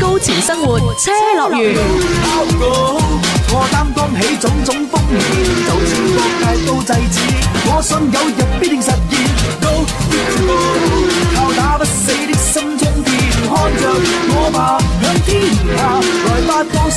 高潮生活車樂園，我擔當起種種風險，就算世界都制止，我信有日必定實現。都靠打不死的心衝天看，看着我吧，向天下來發號。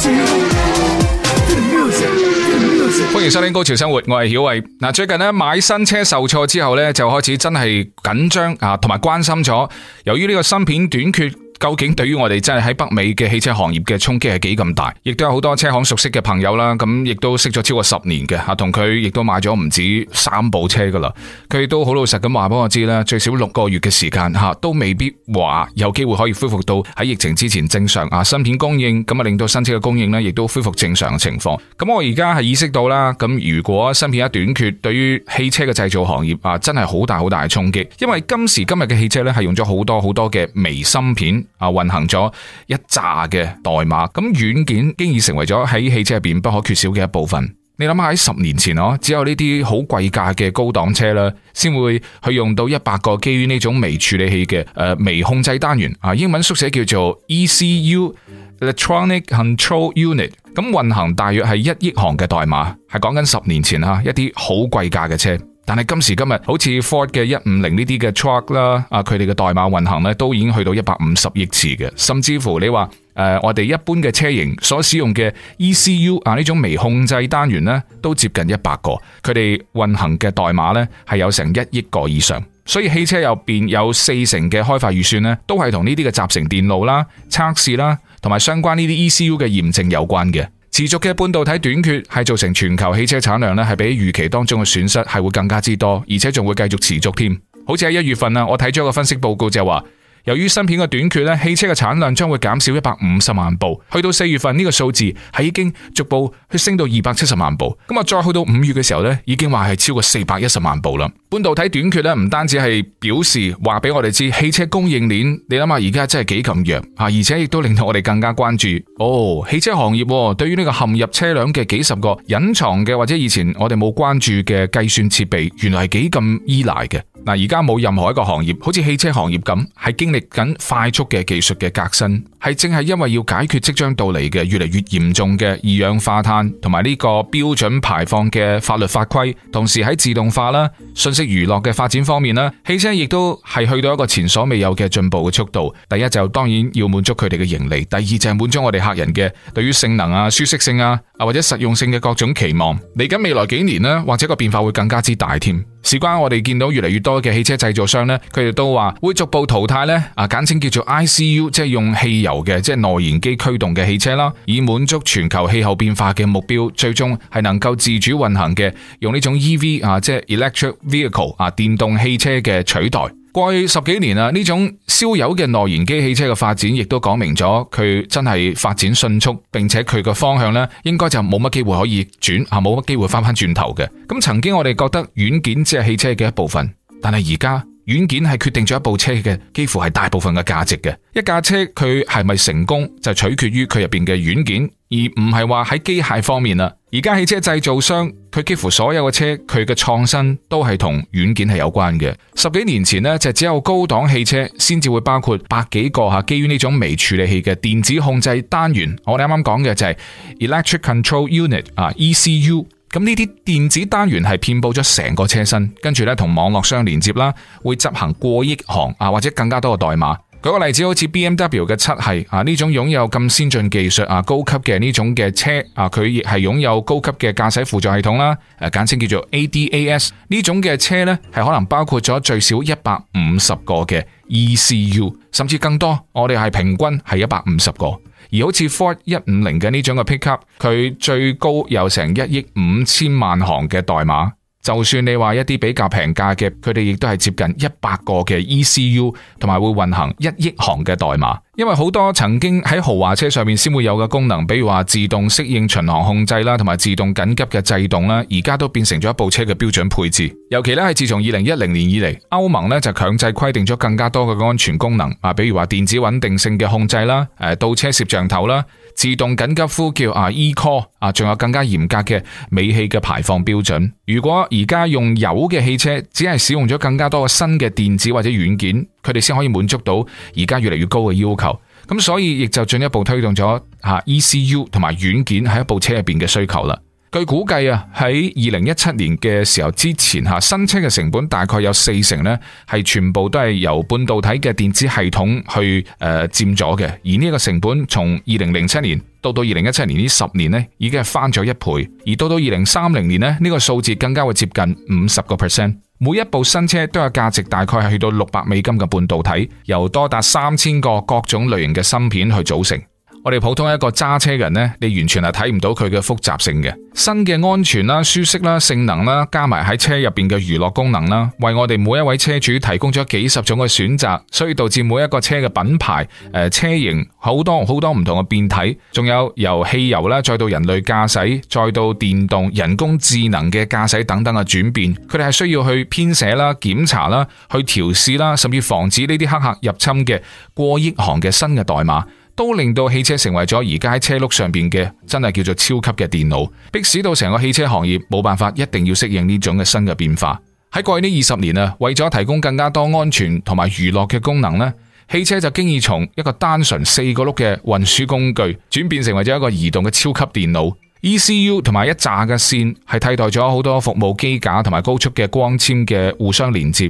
歡迎收聽《高潮生活》，我係曉慧。嗱，最近咧買新車受挫之後咧，就開始真係緊張啊，同埋關心咗。由於呢個芯片短缺。究竟對於我哋真係喺北美嘅汽車行業嘅衝擊係幾咁大？亦都有好多車行熟悉嘅朋友啦，咁亦都識咗超過十年嘅，吓同佢亦都買咗唔止三部車噶啦。佢都好老實咁話俾我知啦，最少六個月嘅時間吓，都未必話有機會可以恢復到喺疫情之前正常啊。芯片供應咁啊，令到新車嘅供應呢亦都恢復正常嘅情況。咁我而家係意識到啦，咁如果芯片一短缺，對於汽車嘅製造行業啊，真係好大好大嘅衝擊。因為今時今日嘅汽車呢係用咗好多好多嘅微芯片。啊，運行咗一紮嘅代碼，咁軟件經已成為咗喺汽車入邊不可缺少嘅一部分。你諗下喺十年前哦，只有呢啲好貴價嘅高檔車啦，先會去用到一百個基於呢種微處理器嘅誒微控制單元啊，英文縮寫叫做 ECU（Electronic Control Unit）。咁運行大約係一億行嘅代碼，係講緊十年前啊，一啲好貴價嘅車。但係今時今日，好似 Ford 嘅一五零呢啲嘅 truck 啦，啊，佢哋嘅代碼運行咧都已經去到一百五十億次嘅，甚至乎你話誒、呃，我哋一般嘅車型所使用嘅 ECU 啊呢種微控制單元咧，都接近一百個，佢哋運行嘅代碼咧係有成一億個以上，所以汽車入邊有四成嘅開發預算咧，都係同呢啲嘅集成電路啦、測試啦，同埋相關呢啲 ECU 嘅驗證有關嘅。持續嘅半導體短缺係造成全球汽車產量咧係比預期當中嘅損失係會更加之多，而且仲會繼續持續添。好似喺一月份啊，我睇咗個分析報告就話。由於芯片嘅短缺咧，汽車嘅產量將會減少一百五十萬部。去到四月份呢個數字係已經逐步去升到二百七十萬部。咁啊，再去到五月嘅時候咧，已經話係超過四百一十萬部啦。半導體短缺咧，唔單止係表示話俾我哋知，汽車供應鏈你諗下而家真係幾咁弱啊！而且亦都令到我哋更加關注哦。汽車行業對於呢個陷入車輛嘅幾十個隱藏嘅或者以前我哋冇關注嘅計算設備，原來係幾咁依賴嘅。嗱，而家冇任何一個行業，好似汽車行業咁，係經歷緊快速嘅技術嘅革新，係正係因為要解決即將到嚟嘅越嚟越嚴重嘅二氧化碳同埋呢個標準排放嘅法律法規，同時喺自動化啦、信息娛樂嘅發展方面啦，汽車亦都係去到一個前所未有嘅進步嘅速度。第一就當然要滿足佢哋嘅盈利，第二就係滿足我哋客人嘅對於性能啊、舒適性啊啊或者實用性嘅各種期望。嚟緊未來幾年啦，或者個變化會更加之大添。事關我哋見到越嚟越多。多嘅汽車製造商呢，佢哋都話會逐步淘汰咧，啊，簡稱叫做 I C U，即係用汽油嘅，即係內燃機驅動嘅汽車啦，以滿足全球氣候變化嘅目標。最終係能夠自主運行嘅，用呢種 E V 啊，即係 electric vehicle 啊，電動汽車嘅取代。過去十幾年啊，呢種燒油嘅內燃機汽車嘅發展，亦都講明咗佢真係發展迅速，並且佢個方向呢，應該就冇乜機會可以逆轉啊，冇乜機會翻翻轉頭嘅。咁曾經我哋覺得軟件只係汽車嘅一部分。但係而家軟件係決定咗一部車嘅，幾乎係大部分嘅價值嘅。一架車佢係咪成功就取決於佢入邊嘅軟件，而唔係話喺機械方面啦。而家汽車製造商佢幾乎所有嘅車佢嘅創新都係同軟件係有關嘅。十幾年前呢，就只有高檔汽車先至會包括百幾個吓基於呢種微處理器嘅電子控制單元，我哋啱啱講嘅就係 Electric Control Unit 啊 ECU。咁呢啲電子單元係遍布咗成個車身，跟住咧同網絡相連接啦，會執行過億行啊或者更加多嘅代碼。舉個例子，好似 B M W 嘅七系啊呢種擁有咁先進技術啊高級嘅呢種嘅車啊，佢亦係擁有高級嘅駕駛輔助系統啦，誒、啊、簡稱叫做 A D A S 呢種嘅車呢，係、啊、可能包括咗最少一百五十個嘅 E C U，甚至更多。我哋係平均係一百五十個。而好似 Ford 一五零嘅呢種嘅 pickup，佢最高有成一億五千萬行嘅代碼。就算你話一啲比較平價嘅，佢哋亦都係接近一百個嘅 ECU，同埋會運行一億行嘅代碼。因為好多曾經喺豪華車上面先會有嘅功能，比如話自動適應巡航控制啦，同埋自動緊急嘅制動啦，而家都變成咗一部車嘅標準配置。尤其咧係自從二零一零年以嚟，歐盟咧就強制規定咗更加多嘅安全功能，啊，比如話電子穩定性嘅控制啦，誒，倒車攝像頭啦。自動緊急呼叫啊，E call 啊，仲有更加嚴格嘅尾氣嘅排放標準。如果而家用油嘅汽車只係使用咗更加多嘅新嘅電子或者軟件，佢哋先可以滿足到而家越嚟越高嘅要求。咁所以亦就進一步推動咗吓 ECU 同埋軟件喺一部車入邊嘅需求啦。據估計啊，喺二零一七年嘅時候之前吓，新車嘅成本大概有四成呢，係全部都係由半導體嘅電子系統去誒占咗嘅。而呢一個成本從二零零七年到到二零一七年呢十年呢，已經係翻咗一倍。而到到二零三零年呢，呢個數字更加會接近五十個 percent。每一部新車都有價值大概係去到六百美金嘅半導體，由多達三千個各種類型嘅芯片去組成。我哋普通一個揸車嘅人呢，你完全係睇唔到佢嘅複雜性嘅。新嘅安全啦、舒適啦、性能啦，加埋喺車入邊嘅娛樂功能啦，為我哋每一位車主提供咗幾十種嘅選擇，所以導致每一個車嘅品牌、誒、呃、車型好多好多唔同嘅變體，仲有由汽油啦，再到人類駕駛，再到電動、人工智能嘅駕駛等等嘅轉變，佢哋係需要去編寫啦、檢查啦、去調試啦，甚至防止呢啲黑客入侵嘅過億行嘅新嘅代碼。都令到汽車成為咗而家喺車轆上邊嘅真係叫做超級嘅電腦，迫使到成個汽車行業冇辦法一定要適應呢種嘅新嘅變化。喺過去呢二十年啊，為咗提供更加多安全同埋娛樂嘅功能呢，汽車就經已從一個單純四個轆嘅運輸工具轉變成為咗一個移動嘅超級電腦。ECU 同埋一紮嘅線係替代咗好多服務機架同埋高速嘅光纖嘅互相連接。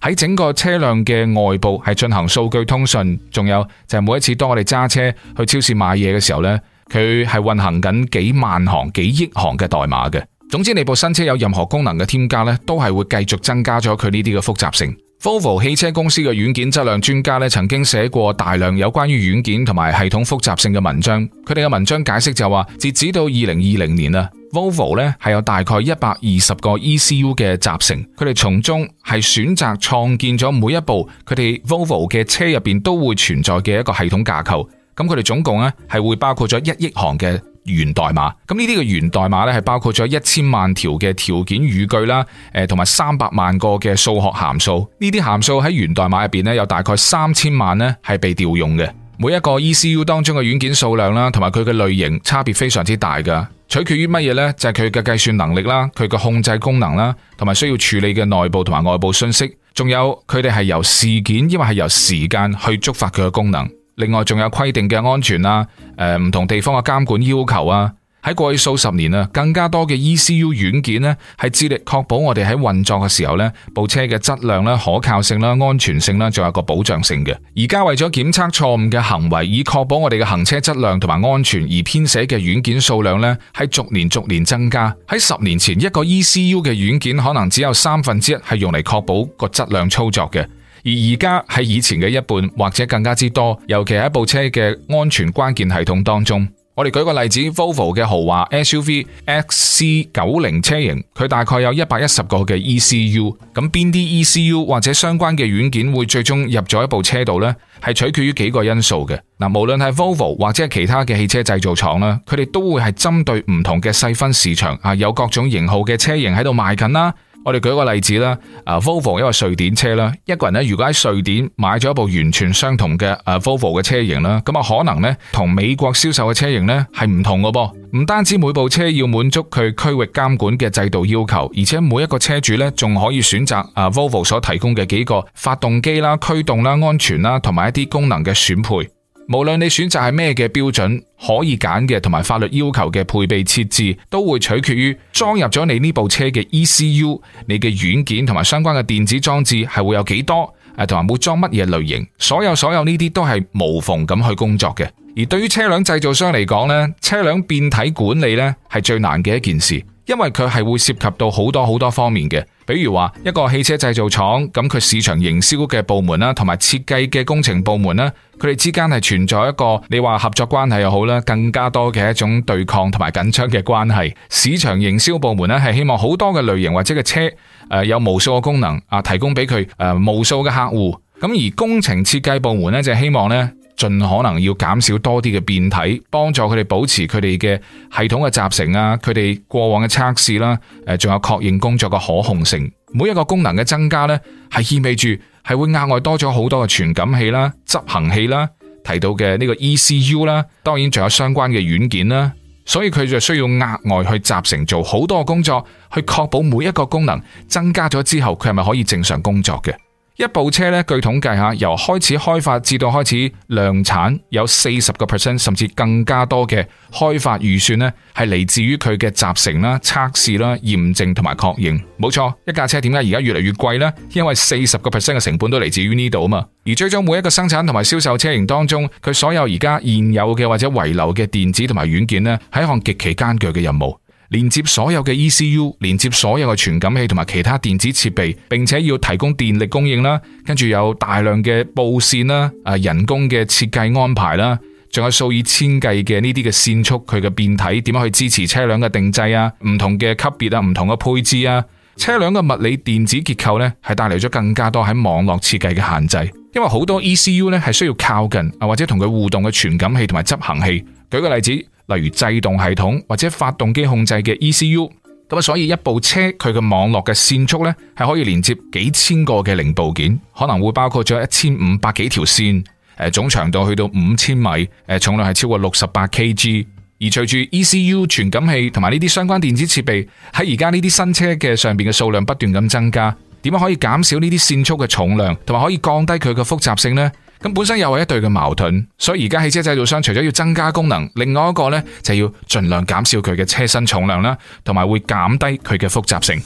喺整個車輛嘅外部係進行數據通訊，仲有就係、是、每一次當我哋揸車去超市買嘢嘅時候呢，佢係運行緊幾萬行、幾億行嘅代碼嘅。總之你部新車有任何功能嘅添加呢，都係會繼續增加咗佢呢啲嘅複雜性。Volvo 汽車公司嘅軟件質量專家呢，曾經寫過大量有關於軟件同埋系統複雜性嘅文章。佢哋嘅文章解釋就係話，截止到二零二零年咧。Volvo 咧係有大概一百二十個 E C U 嘅集成，佢哋從中係選擇創建咗每一部佢哋 Volvo 嘅車入邊都會存在嘅一個系統架構。咁佢哋總共咧係會包括咗一億行嘅源代碼。咁呢啲嘅源代碼咧係包括咗一千萬條嘅條件語句啦，誒，同埋三百萬個嘅數學函數。呢啲函數喺源代碼入邊咧有大概三千萬咧係被調用嘅。每一個 E C U 當中嘅軟件數量啦，同埋佢嘅類型差別非常之大㗎。取決於乜嘢咧？就係佢嘅計算能力啦，佢嘅控制功能啦，同埋需要處理嘅內部同埋外部信息，仲有佢哋係由事件，抑或係由時間去觸發佢嘅功能。另外，仲有規定嘅安全啦，誒、呃、唔同地方嘅監管要求啊。喺過去數十年啦，更加多嘅 ECU 軟件咧，係致力確保我哋喺運作嘅時候咧，部車嘅質量啦、可靠性啦、安全性啦，仲有個保障性嘅。而家為咗檢測錯誤嘅行為，以確保我哋嘅行車質量同埋安全而編寫嘅軟件數量咧，係逐年逐年增加。喺十年前，一個 ECU 嘅軟件可能只有三分之一係用嚟確保個質量操作嘅，而而家喺以前嘅一半或者更加之多，尤其喺部車嘅安全關鍵系統當中。我哋舉個例子 Volvo 嘅豪華 SUV XC 九零車型，佢大概有一百一十個嘅 ECU，咁邊啲 ECU 或者相關嘅軟件會最終入咗一部車度呢？係取決於幾個因素嘅。嗱，無論係 Volvo 或者係其他嘅汽車製造廠啦，佢哋都會係針對唔同嘅細分市場啊，有各種型號嘅車型喺度賣緊啦。我哋舉個例子啦，Volvo 一個瑞典車啦，一個人咧如果喺瑞典買咗一部完全相同嘅，Volvo 嘅車型啦，咁啊可能咧同美國銷售嘅車型呢係唔同嘅噃，唔單止每部車要滿足佢區域監管嘅制度要求，而且每一個車主呢仲可以選擇，啊，Volvo 所提供嘅幾個發動機啦、驅動啦、安全啦同埋一啲功能嘅選配。無論你選擇係咩嘅標準，可以揀嘅同埋法律要求嘅配備設置，都會取決於裝入咗你呢部車嘅 ECU，你嘅軟件同埋相關嘅電子裝置係會有幾多，誒，同埋會裝乜嘢類型？所有所有呢啲都係無縫咁去工作嘅。而對於車輛製造商嚟講呢，車輛變體管理呢係最難嘅一件事。因為佢係會涉及到好多好多方面嘅，比如話一個汽車製造廠，咁佢市場營銷嘅部門啦，同埋設計嘅工程部門啦，佢哋之間係存在一個你話合作關係又好啦，更加多嘅一種對抗同埋緊張嘅關係。市場營銷部門呢係希望好多嘅類型或者嘅車誒有無數個功能啊，提供俾佢誒無數嘅客戶。咁而工程設計部門呢，就希望呢。盡可能要減少多啲嘅變體，幫助佢哋保持佢哋嘅系統嘅集成啊，佢哋過往嘅測試啦，誒，仲有確認工作嘅可控性。每一個功能嘅增加呢，係意味住係會額外多咗好多嘅傳感器啦、執行器啦、提到嘅呢個 ECU 啦，當然仲有相關嘅軟件啦。所以佢就需要額外去集成做好多工作，去確保每一個功能增加咗之後，佢係咪可以正常工作嘅？一部車咧，據統計吓，由開始開發至到開始量產有，有四十個 percent 甚至更加多嘅開發預算咧，係嚟自於佢嘅集成啦、測試啦、驗證同埋確認。冇錯，一架車點解而家越嚟越貴呢？因為四十個 percent 嘅成本都嚟自於呢度啊嘛。而追蹤每一個生產同埋銷售車型當中，佢所有而家現有嘅或者遺留嘅電子同埋軟件咧，係一項極其艱巨嘅任務。連接所有嘅 ECU，連接所有嘅傳感器同埋其他電子設備，並且要提供電力供應啦，跟住有大量嘅佈線啦，誒，人工嘅設計安排啦，仲有數以千計嘅呢啲嘅線束，佢嘅變體點樣去支持車輛嘅定制啊，唔同嘅級別啊，唔同嘅配置啊，車輛嘅物理電子結構呢，係帶來咗更加多喺網絡設計嘅限制，因為好多 ECU 呢係需要靠近啊或者同佢互動嘅傳感器同埋執行器，舉個例子。例如制動系統或者發動機控制嘅 ECU，咁啊，所以一部車佢嘅網絡嘅線束呢係可以連接幾千個嘅零部件，可能會包括咗一千五百幾條線，誒，總長度去到五千米，誒，重量係超過六十八 KG。而隨住 ECU 傳感器同埋呢啲相關電子設備喺而家呢啲新車嘅上邊嘅數量不斷咁增加，點樣可以減少呢啲線束嘅重量，同埋可以降低佢嘅複雜性呢？咁本身又係一對嘅矛盾，所以而家汽車製造商除咗要增加功能，另外一個呢，就要盡量減少佢嘅車身重量啦，同埋會減低佢嘅複雜性。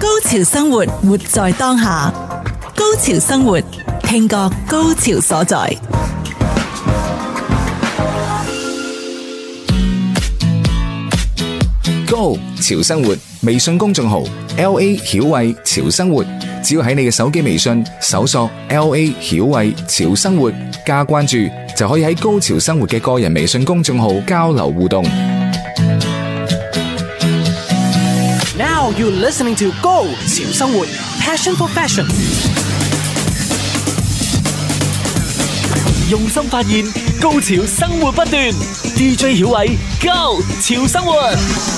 高潮生活，活在當下。高潮生活，聽覺高潮所在。高潮生活。微信公眾號 L A 曉慧潮生活，只要喺你嘅手機微信搜索 L A 曉慧潮生活加關注，就可以喺高潮生活嘅個人微信公眾號交流互動。Now you're listening to Go 潮生活，Passion for fashion，用心發現，高潮生活不斷。DJ 曉慧，Go 潮生活。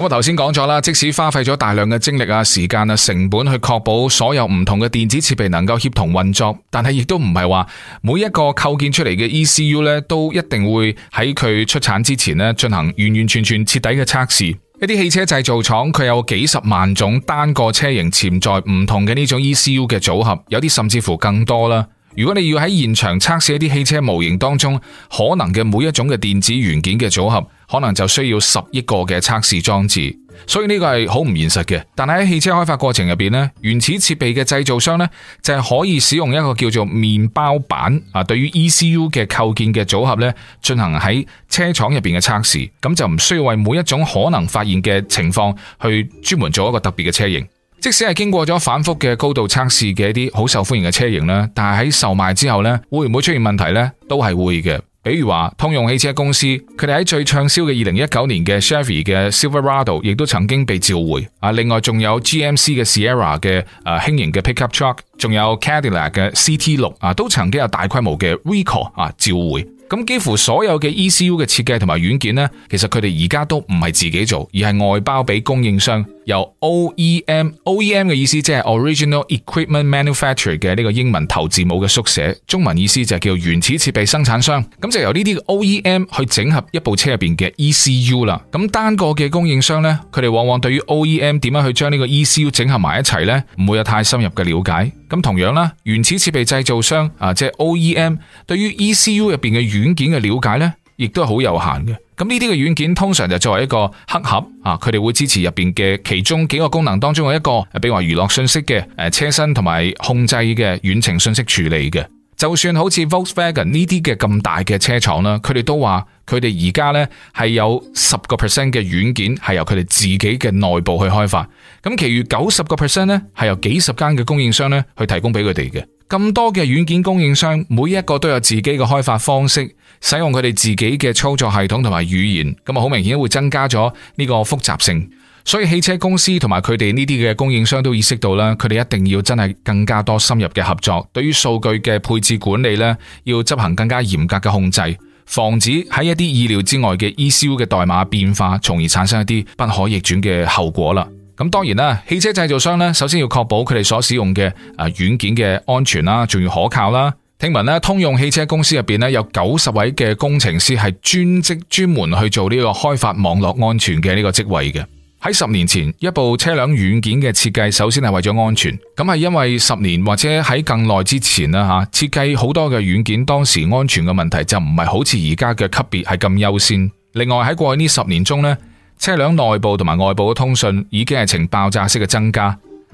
我頭先講咗啦，即使花費咗大量嘅精力啊、時間啊、成本去確保所有唔同嘅電子設備能夠協同運作，但係亦都唔係話每一個構建出嚟嘅 ECU 咧，都一定會喺佢出產之前咧進行完完全全徹底嘅測試。一啲汽車製造廠佢有幾十萬種單個車型潛在唔同嘅呢種 ECU 嘅組合，有啲甚至乎更多啦。如果你要喺現場測試一啲汽車模型當中可能嘅每一種嘅電子元件嘅組合。可能就需要十億個嘅測試裝置，所以呢個係好唔現實嘅。但係喺汽車開發過程入邊呢，原始設備嘅製造商呢，就係可以使用一個叫做麵包板啊，對於 ECU 嘅構建嘅組合呢，進行喺車廠入邊嘅測試。咁就唔需要為每一種可能發現嘅情況去專門做一個特別嘅車型。即使係經過咗反復嘅高度測試嘅一啲好受歡迎嘅車型啦，但係喺售賣之後呢，會唔會出現問題呢？都係會嘅。比如話，通用汽車公司，佢哋喺最暢銷嘅二零一九年嘅 Chevy 嘅 Silverado，亦都曾經被召回。另外仲有 GMC 嘅 Sierra 嘅誒、呃、輕型嘅 Pickup Truck，仲有 Cadillac 嘅 CT 六、啊、都曾經有大規模嘅 recall 啊召回。咁幾乎所有嘅 ECU 嘅設計同埋軟件咧，其實佢哋而家都唔係自己做，而係外包俾供應商，由 OEM，OEM 嘅意思即係 original equipment manufacturer 嘅呢個英文頭字母嘅縮寫，中文意思就係叫原始設備生產商。咁就由呢啲 OEM 去整合一部車入邊嘅 ECU 啦。咁單個嘅供應商咧，佢哋往往對於 OEM 點樣去將呢個 ECU 整合埋一齊咧，唔會有太深入嘅了解。咁同樣啦，原始設備製造商啊，即係 OEM，對於 ECU 入邊嘅軟件嘅了解呢，亦都係好有限嘅。咁呢啲嘅軟件通常就作為一個黑盒啊，佢哋會支持入邊嘅其中幾個功能當中嘅一個，比如話娛樂信息嘅、誒車身同埋控制嘅遠程信息處理嘅。就算好似 Volkswagen 呢啲嘅咁大嘅車廠啦，佢哋都話佢哋而家呢係有十個 percent 嘅軟件係由佢哋自己嘅內部去開發，咁其餘九十個 percent 呢係由幾十間嘅供應商呢去提供俾佢哋嘅。咁多嘅軟件供應商，每一個都有自己嘅開發方式，使用佢哋自己嘅操作系統同埋語言，咁啊好明顯會增加咗呢個複雜性。所以汽車公司同埋佢哋呢啲嘅供應商都意識到啦，佢哋一定要真係更加多深入嘅合作，對於數據嘅配置管理呢，要執行更加嚴格嘅控制，防止喺一啲意料之外嘅 ECU 嘅代碼變化，從而產生一啲不可逆轉嘅後果啦。咁當然啦，汽車製造商呢，首先要確保佢哋所使用嘅啊軟件嘅安全啦，仲要可靠啦。聽聞呢，通用汽車公司入邊呢，有九十位嘅工程師係專職專門去做呢個開發網絡安全嘅呢個職位嘅。喺十年前，一部車輛軟件嘅設計首先係為咗安全，咁係因為十年或者喺更耐之前啦吓，設計好多嘅軟件當時安全嘅問題就唔係好似而家嘅級別係咁優先。另外喺過去呢十年中呢。車輛內部同埋外部嘅通訊已經係呈爆炸式嘅增加，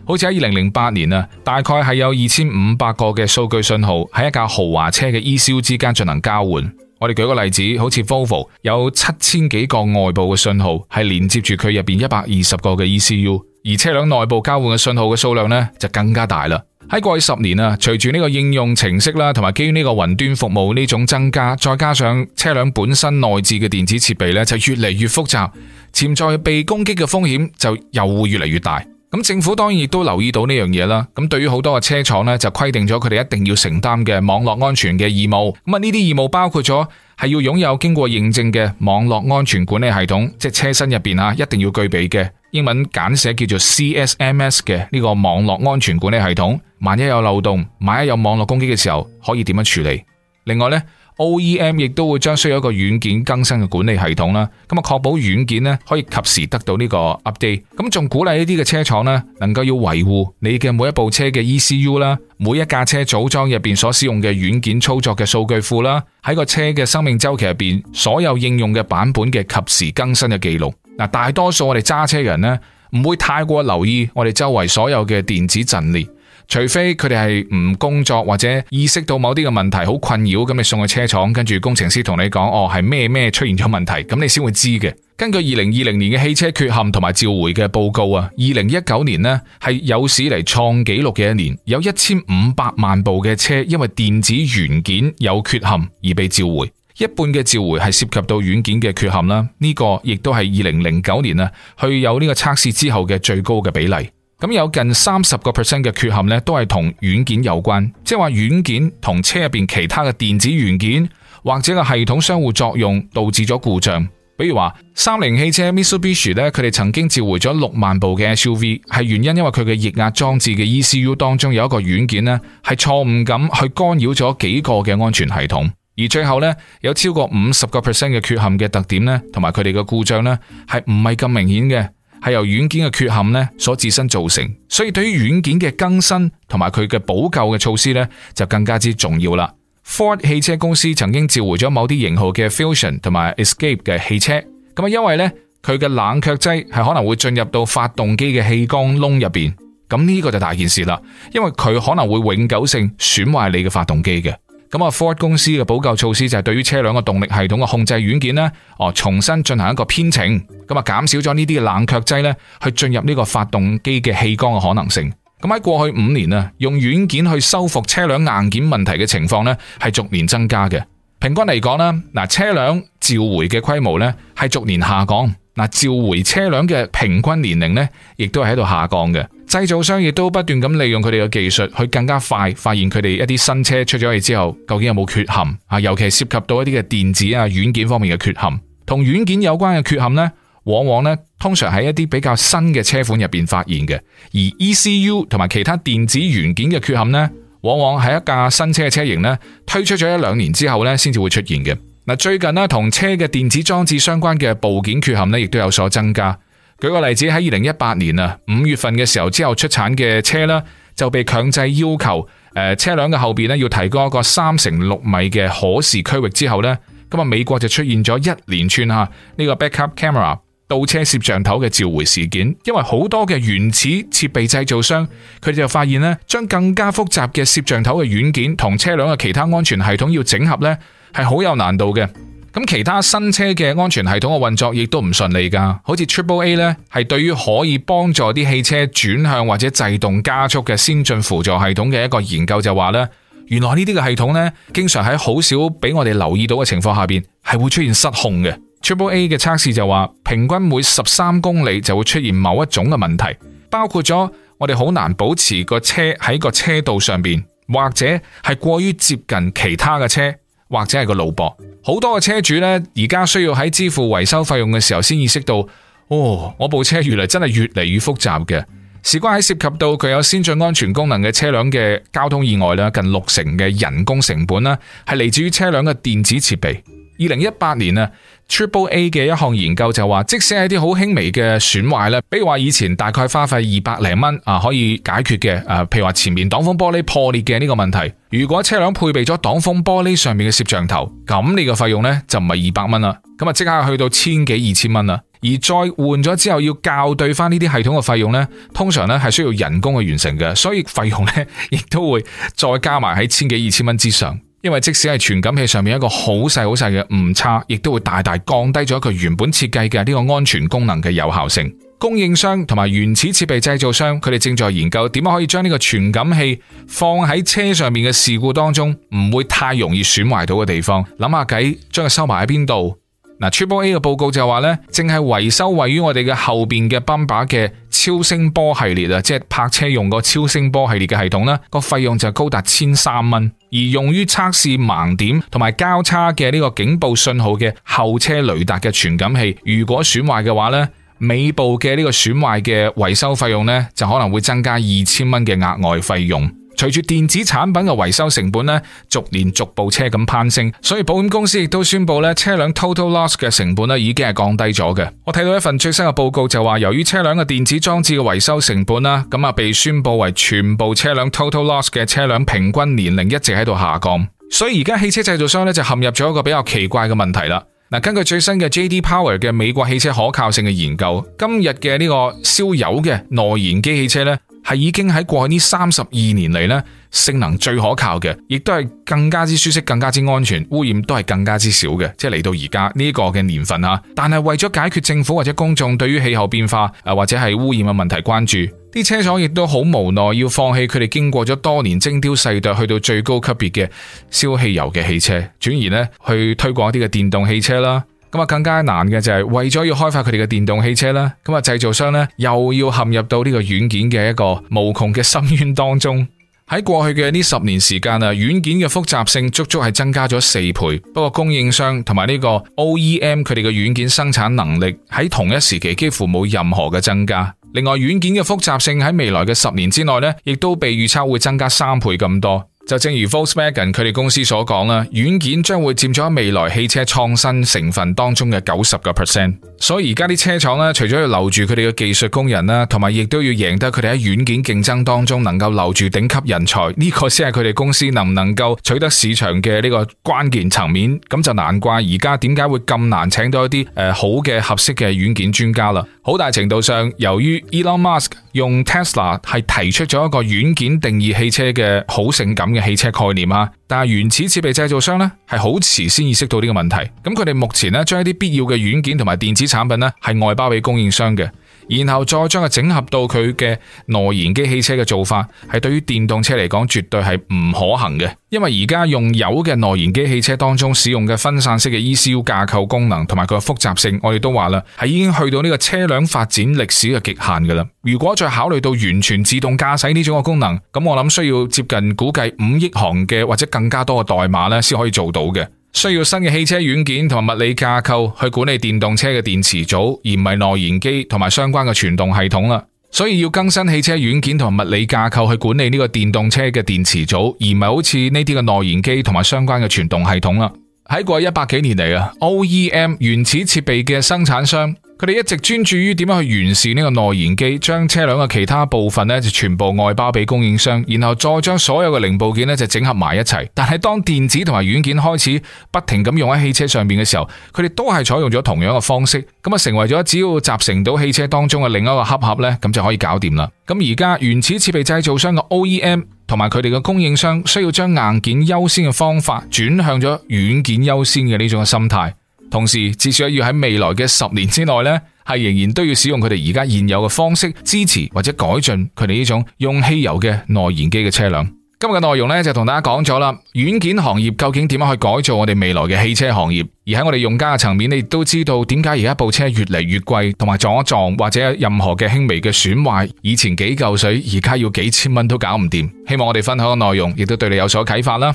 好似喺二零零八年啊，大概係有二千五百個嘅數據信號喺一架豪華車嘅 ECU 之間進行交換。我哋舉個例子，好似 Volvo 有七千幾個外部嘅信號係連接住佢入邊一百二十個嘅 ECU，而車輛內部交換嘅信號嘅數量呢就更加大啦。喺過去十年啊，隨住呢個應用程式啦，同埋基於呢個雲端服務呢種增加，再加上車輛本身內置嘅電子設備咧，就越嚟越複雜，潛在被攻擊嘅風險就又會越嚟越大。咁政府當然亦都留意到呢樣嘢啦。咁對於好多個車廠呢，就規定咗佢哋一定要承擔嘅網絡安全嘅義務。咁啊，呢啲義務包括咗係要擁有經過認證嘅網絡安全管理系統，即係車身入邊啊，一定要具備嘅英文簡寫叫做 CSMS 嘅呢個網絡安全管理系統。萬一有漏洞，萬一有網絡攻擊嘅時候，可以點樣處理？另外呢。OEM 亦都會將需要一個軟件更新嘅管理系統啦，咁啊確保軟件咧可以及時得到呢個 update，咁仲鼓勵呢啲嘅車廠咧能夠要維護你嘅每一部車嘅 ECU 啦，每一架車組裝入邊所使用嘅軟件操作嘅數據庫啦，喺個車嘅生命周期入邊所有應用嘅版本嘅及時更新嘅記錄。嗱，大多數我哋揸車人呢，唔會太過留意我哋周圍所有嘅電子陣列。除非佢哋係唔工作或者意識到某啲嘅問題好困擾，咁你送去車廠，跟住工程師同你講，哦係咩咩出現咗問題，咁你先會知嘅。根據二零二零年嘅汽車缺陷同埋召回嘅報告啊，二零一九年呢係有史嚟創紀錄嘅一年，有一千五百萬部嘅車因為電子元件有缺陷而被召回，一半嘅召回係涉及到軟件嘅缺陷啦。呢、呢個亦都係二零零九年啊去有呢個測試之後嘅最高嘅比例。咁有近三十個 percent 嘅缺陷咧，都係同軟件有關，即係話軟件同車入邊其他嘅電子元件或者個系統相互作用導致咗故障。比如話三菱汽車 Mitsubishi 咧，佢哋曾經召回咗六萬部嘅 SUV，係原因因為佢嘅液壓裝置嘅 ECU 當中有一個軟件咧係錯誤咁去干擾咗幾個嘅安全系統，而最後咧有超過五十個 percent 嘅缺陷嘅特點咧，同埋佢哋嘅故障咧係唔係咁明顯嘅。係由軟件嘅缺陷咧所自身造成，所以對於軟件嘅更新同埋佢嘅補救嘅措施咧就更加之重要啦。Ford 汽車公司曾經召回咗某啲型號嘅 Fusion 同埋 Escape 嘅汽車，咁啊因為咧佢嘅冷卻劑係可能會進入到發動機嘅氣缸窿入邊，咁呢個就大件事啦，因為佢可能會永久性損壞你嘅發動機嘅。咁啊，Ford 公司嘅補救措施就係對於車輛嘅動力系統嘅控制軟件咧，哦，重新進行一個編程，咁啊減少咗呢啲冷卻劑咧去進入呢個發動機嘅氣缸嘅可能性。咁喺過去五年啊，用軟件去修復車輛硬件問題嘅情況咧，係逐年增加嘅。平均嚟講咧，嗱車輛召回嘅規模咧係逐年下降，嗱召回車輛嘅平均年齡咧亦都係喺度下降嘅。製造商亦都不斷咁利用佢哋嘅技術去更加快發現佢哋一啲新車出咗嚟之後，究竟有冇缺陷啊？尤其涉及到一啲嘅電子啊、軟件方面嘅缺陷，同軟件有關嘅缺陷呢，往往呢通常喺一啲比較新嘅車款入邊發現嘅。而 ECU 同埋其他電子元件嘅缺陷呢，往往喺一架新車嘅車型呢推出咗一兩年之後呢先至會出現嘅。嗱，最近呢，同車嘅電子裝置相關嘅部件缺陷呢，亦都有所增加。舉個例子，喺二零一八年啊，五月份嘅時候之後出產嘅車咧，就被強制要求誒，車輛嘅後邊咧要提供一個三乘六米嘅可視區域之後咧，咁啊美國就出現咗一連串啊呢個 backup camera 倒車攝像頭嘅召回事件，因為好多嘅原始設備製造商佢哋就發現咧，將更加複雜嘅攝像頭嘅軟件同車輛嘅其他安全系統要整合咧係好有難度嘅。咁其他新車嘅安全系統嘅運作亦都唔順利噶，好似 Triple A 呢，係對於可以幫助啲汽車轉向或者制動加速嘅先進輔助系統嘅一個研究就話呢，原來呢啲嘅系統呢，經常喺好少俾我哋留意到嘅情況下邊，係會出現失控嘅。Triple A 嘅測試就話，平均每十三公里就會出現某一種嘅問題，包括咗我哋好難保持個車喺個車道上邊，或者係過於接近其他嘅車。或者係個路博，好多嘅車主呢，而家需要喺支付維修費用嘅時候，先意識到哦，我部車原來真係越嚟越複雜嘅。事關喺涉及到佢有先進安全功能嘅車輛嘅交通意外啦，近六成嘅人工成本啦，係嚟自於車輛嘅電子設備。二零一八年啊，Triple A 嘅一項研究就話，即使係啲好輕微嘅損壞啦，比如話以前大概花費二百零蚊啊可以解決嘅，誒，譬如話前面擋風玻璃破裂嘅呢個問題，如果車輛配備咗擋風玻璃上面嘅攝像頭，咁你個費用咧就唔係二百蚊啦，咁啊即刻去到千幾二千蚊啦，而再換咗之後要校對翻呢啲系統嘅費用咧，通常咧係需要人工去完成嘅，所以費用咧亦都會再加埋喺千幾二千蚊之上。因為即使係傳感器上面一個好細好細嘅誤差，亦都會大大降低咗佢原本設計嘅呢個安全功能嘅有效性。供應商同埋原始設備製造商，佢哋正在研究點樣可以將呢個傳感器放喺車上面嘅事故當中，唔會太容易損壞到嘅地方，諗下計將佢收埋喺邊度。嗱 Triple A 嘅報告就話咧，正係維修位於我哋嘅後邊嘅賓霸嘅超聲波系列啊，即係泊車用個超聲波系列嘅系統啦，個費用就高達千三蚊。而用於測試盲點同埋交叉嘅呢個警報信號嘅後車雷達嘅傳感器，如果損壞嘅話咧，尾部嘅呢個損壞嘅維修費用咧，就可能會增加二千蚊嘅額外費用。隨住電子產品嘅維修成本咧逐年逐步車咁攀升，所以保險公司亦都宣布咧車輛 total loss 嘅成本咧已經係降低咗嘅。我睇到一份最新嘅報告就話，由於車輛嘅電子裝置嘅維修成本啦，咁啊被宣布為全部車輛 total loss 嘅車輛平均年齡一直喺度下降，所以而家汽車製造商咧就陷入咗一個比較奇怪嘅問題啦。嗱，根據最新嘅 J.D. Power 嘅美國汽車可靠性嘅研究，今日嘅呢個燒油嘅內燃機汽車咧，係已經喺過去呢三十二年嚟呢，性能最可靠嘅，亦都係更加之舒適、更加之安全，污染都係更加之少嘅。即係嚟到而家呢個嘅年份啊，但係為咗解決政府或者公眾對於氣候變化啊或者係污染嘅問題關注，啲車廠亦都好無奈，要放棄佢哋經過咗多年精雕細琢去到最高級別嘅燒汽油嘅汽車，轉而呢去推廣一啲嘅電動汽車啦。咁啊，更加難嘅就係為咗要開發佢哋嘅電動汽車啦，咁啊，製造商呢又要陷入到呢個軟件嘅一個無窮嘅深淵當中。喺過去嘅呢十年時間啊，軟件嘅複雜性足足係增加咗四倍。不過供應商同埋呢個 OEM 佢哋嘅軟件生產能力喺同一時期幾乎冇任何嘅增加。另外，軟件嘅複雜性喺未來嘅十年之內呢，亦都被預測會增加三倍咁多。就正如 Volkswagen 佢哋公司所講啦，軟件將會佔咗未來汽車創新成分當中嘅九十個 percent，所以而家啲車廠咧，除咗要留住佢哋嘅技術工人啦，同埋亦都要贏得佢哋喺軟件競爭當中能夠留住頂級人才，呢個先係佢哋公司能唔能夠取得市場嘅呢個關鍵層面，咁就難怪而家點解會咁難請到一啲誒、呃、好嘅合適嘅軟件專家啦。好大程度上，由於 Elon Musk 用 Tesla 係提出咗一個軟件定義汽車嘅好性感嘅汽車概念，但係原始設備製造商咧係好遲先意識到呢個問題。咁佢哋目前咧將一啲必要嘅軟件同埋電子產品咧係外包俾供應商嘅。然後再將佢整合到佢嘅內燃機汽車嘅做法，係對於電動車嚟講絕對係唔可行嘅，因為而家用有嘅內燃機汽車當中使用嘅分散式嘅 ECU 架構功能同埋佢嘅複雜性，我哋都話啦，係已經去到呢個車輛發展歷史嘅極限㗎啦。如果再考慮到完全自動駕駛呢種嘅功能，咁我諗需要接近估計五億行嘅或者更加多嘅代碼咧，先可以做到嘅。需要新嘅汽車軟件同埋物理架構去管理電動車嘅電池組，而唔係內燃機同埋相關嘅傳動系統啦。所以要更新汽車軟件同埋物理架構去管理呢個電動車嘅電池組，而唔係好似呢啲嘅內燃機同埋相關嘅傳動系統啦。喺過去一百幾年嚟，OEM，原始設備嘅生產商。佢哋一直專注於點樣去完善呢個內燃機，將車輛嘅其他部分呢就全部外包俾供應商，然後再將所有嘅零部件呢就整合埋一齊。但係當電子同埋軟件開始不停咁用喺汽車上面嘅時候，佢哋都係採用咗同樣嘅方式，咁啊，成為咗只要集成到汽車當中嘅另一個盒盒呢，咁就可以搞掂啦。咁而家原始設備製造商嘅 OEM 同埋佢哋嘅供應商需要將硬件優先嘅方法轉向咗軟件優先嘅呢種嘅心態。同時，至少要喺未來嘅十年之內呢，係仍然都要使用佢哋而家現有嘅方式支持或者改進佢哋呢種用汽油嘅內燃機嘅車輛。今日嘅內容呢，就同大家講咗啦，軟件行業究竟點樣去改造我哋未來嘅汽車行業？而喺我哋用家嘅層面，你都知道點解而家部車越嚟越貴，同埋撞一撞或者任何嘅輕微嘅損壞，以前幾舊水而家要幾千蚊都搞唔掂。希望我哋分享嘅內容亦都對你有所啟發啦。